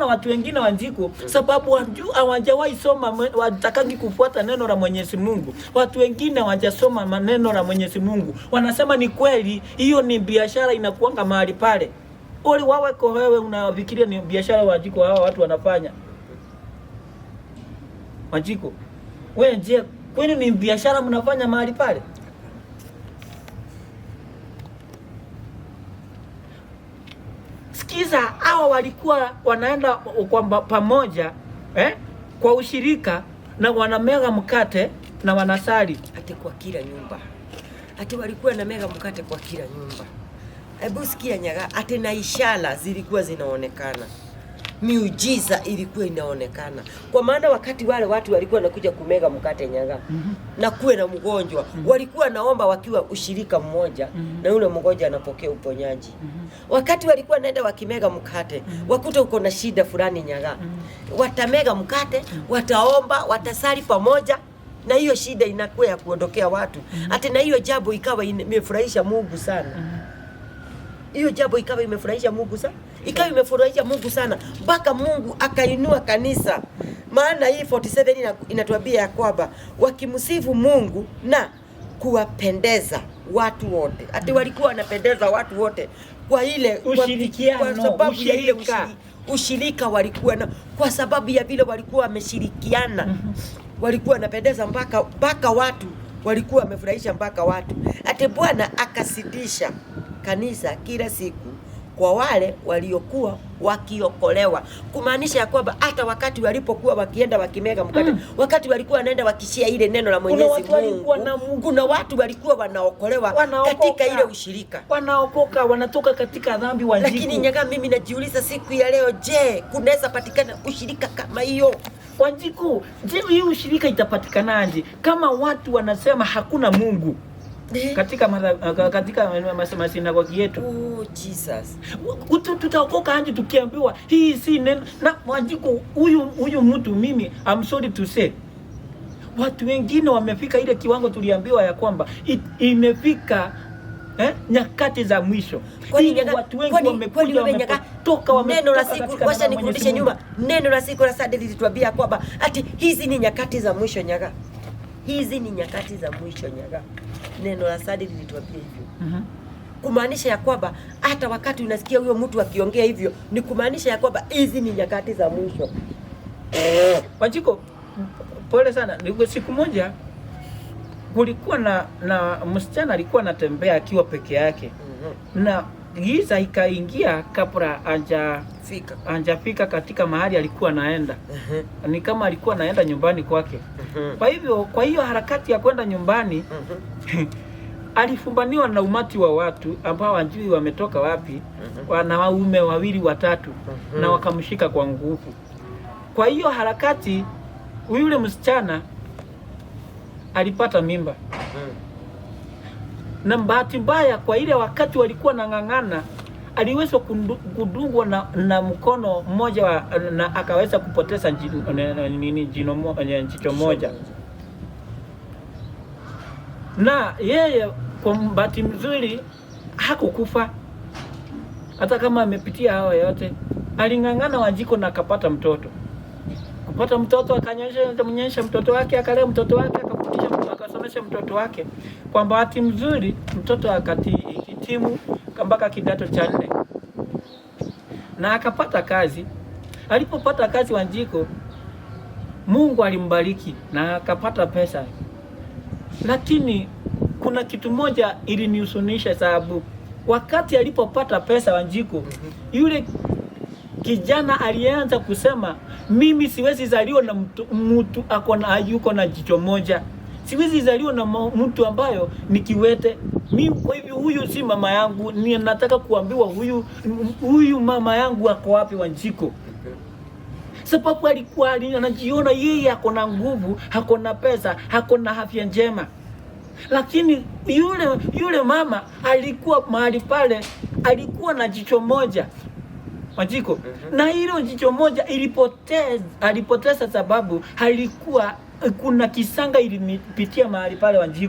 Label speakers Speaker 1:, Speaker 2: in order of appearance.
Speaker 1: na watu wengine wanjiko sababu hawajawahi soma, watakangi kufuata neno la Mwenyezi Mungu. Watu wengine hawajasoma maneno la Mwenyezi Mungu, wanasema ni kweli. Hiyo ni biashara inakuanga mahali pale, uli waweko wewe, unafikiria ni biashara wanjiko hawa watu wanafanya wanjiko. Wewe je, kwani ni biashara mnafanya mahali pale? Sikiza, hawa walikuwa wanaenda kwa pamoja eh, kwa ushirika na wanamega mkate na wanasali
Speaker 2: ati kwa kila nyumba, ati walikuwa na mega mkate kwa kila nyumba. Hebu sikia Nyaga, ati na ishara zilikuwa zinaonekana miujiza ilikuwa inaonekana, kwa maana wakati wale watu walikuwa nakuja kumega mkate nyaga mm -hmm. na kuwe na mgonjwa mm -hmm. walikuwa naomba wakiwa ushirika mmoja mm -hmm. na yule mgonjwa anapokea uponyaji mm -hmm. wakati walikuwa naenda wakimega mkate mm -hmm. wakuta uko na shida fulani nyaga mm -hmm. watamega mkate, mhm. wataomba, watasali pamoja na hiyo shida inakuwa ya kuondokea watu mm -hmm. hata na hiyo jambo ikawa imefurahisha Mungu sana mm -hmm hiyo jambo ikawa imefurahisha Mungu sana, ikawa imefurahisha Mungu sana mpaka Mungu akainua kanisa. Maana hii 47 inatuambia ya kwamba wakimsifu Mungu na kuwapendeza watu wote, ati walikuwa wanapendeza watu wote kwa ile kwa sababu ya ile ushirika walikuwa na, kwa sababu ya vile walikuwa wameshirikiana mm-hmm. walikuwa wanapendeza mpaka mpaka watu walikuwa wamefurahisha mpaka watu, ati Bwana akasidisha kanisa kila siku kwa wale waliokuwa wakiokolewa, kumaanisha ya kwamba hata wakati walipokuwa wakienda wakimega mkate mm. wakati walikuwa wanaenda wakishia ile neno la Mwenyezi Mungu
Speaker 1: kuna watu walikuwa wanaokolewa wanaokoka, katika ile ushirika wanaokoka, wanatoka katika dhambi wajibu. Lakini
Speaker 2: nyaga, mimi najiuliza siku ya leo, je, kunaweza patikana ushirika kama hiyo?
Speaker 1: Wanjiku, je, hii ushirika itapatikanaje kama watu wanasema hakuna Mungu? Eh? katika mara, eh, katika kwa yetu.
Speaker 2: Oh, Jesus.
Speaker 1: Tutaokoka hadi tukiambiwa hii si neno na mwajiko huyu huyu mtu. Mimi I'm sorry to say, watu wengine wamefika ile kiwango tuliambiwa ya kwamba it, imefika eh, nyakati za mwisho.
Speaker 2: Kwa Watu wengi wamekuja toka wametoka wametoka. Nikurudishe nyuma, neno la siku la Sadede lituambia kwamba ati hizi ni nyakati za mwisho nyaka hizi ni nyakati za mwisho nyaga. Neno la Sadi lilituambia hivyo mm -hmm. Kumaanisha ya kwamba hata wakati unasikia huyo mtu akiongea hivyo ni kumaanisha ya kwamba hizi ni nyakati za mwisho
Speaker 1: eh. pole sana. Siku moja kulikuwa na na msichana alikuwa anatembea akiwa peke yake mm -hmm. na giza ikaingia kabla anjafika anjafika katika mahali alikuwa naenda uh-huh. Ni kama alikuwa naenda nyumbani kwake. uh-huh. Kwa hivyo kwa hiyo harakati ya kwenda nyumbani uh-huh. alifumbaniwa na umati wa watu ambao hajui wametoka wapi, wanaume wawili watatu, na wakamshika kwa nguvu. Kwa hiyo harakati, yule msichana alipata mimba na bahati mbaya kwa ile wakati walikuwa nang'ang'ana, aliweza kudungwa na, na mkono mmoja wa, na akaweza kupoteza nini jicho moja, na yeye kwa bahati mzuri hakukufa hata kama amepitia hawa yote. Aling'ang'ana Wanjiko na akapata mtoto, kupata mtoto akanyonyesha mtoto wake, akalea mtoto wake, akafundisha kumhamasisha mtoto wake kwa bahati mzuri mtoto akahitimu mpaka kidato cha nne na akapata kazi. Alipopata kazi Wanjiko, Mungu alimbariki na akapata pesa, lakini kuna kitu moja ilinihusunisha, sababu wakati alipopata pesa Wanjiko, yule kijana alianza kusema, mimi siwezi zaliwa na mtu, mtu ako na yuko na jicho moja siwezi zaliwa na mtu ambayo ni kiwete mimi. Kwa hivyo huyu si mama yangu, ni nataka kuambiwa huyu huyu mama yangu ako wapi, Wanjiko? Sababu alikuwa anajiona yeye ako na nguvu, ako na pesa, ako na afya njema, lakini yule yule mama alikuwa mahali pale, alikuwa na jicho moja Wanjiko, mhm. na hilo jicho moja ilipoteza, alipoteza sababu alikuwa kuna kisanga ilinipitia mahali pale Wanjiko.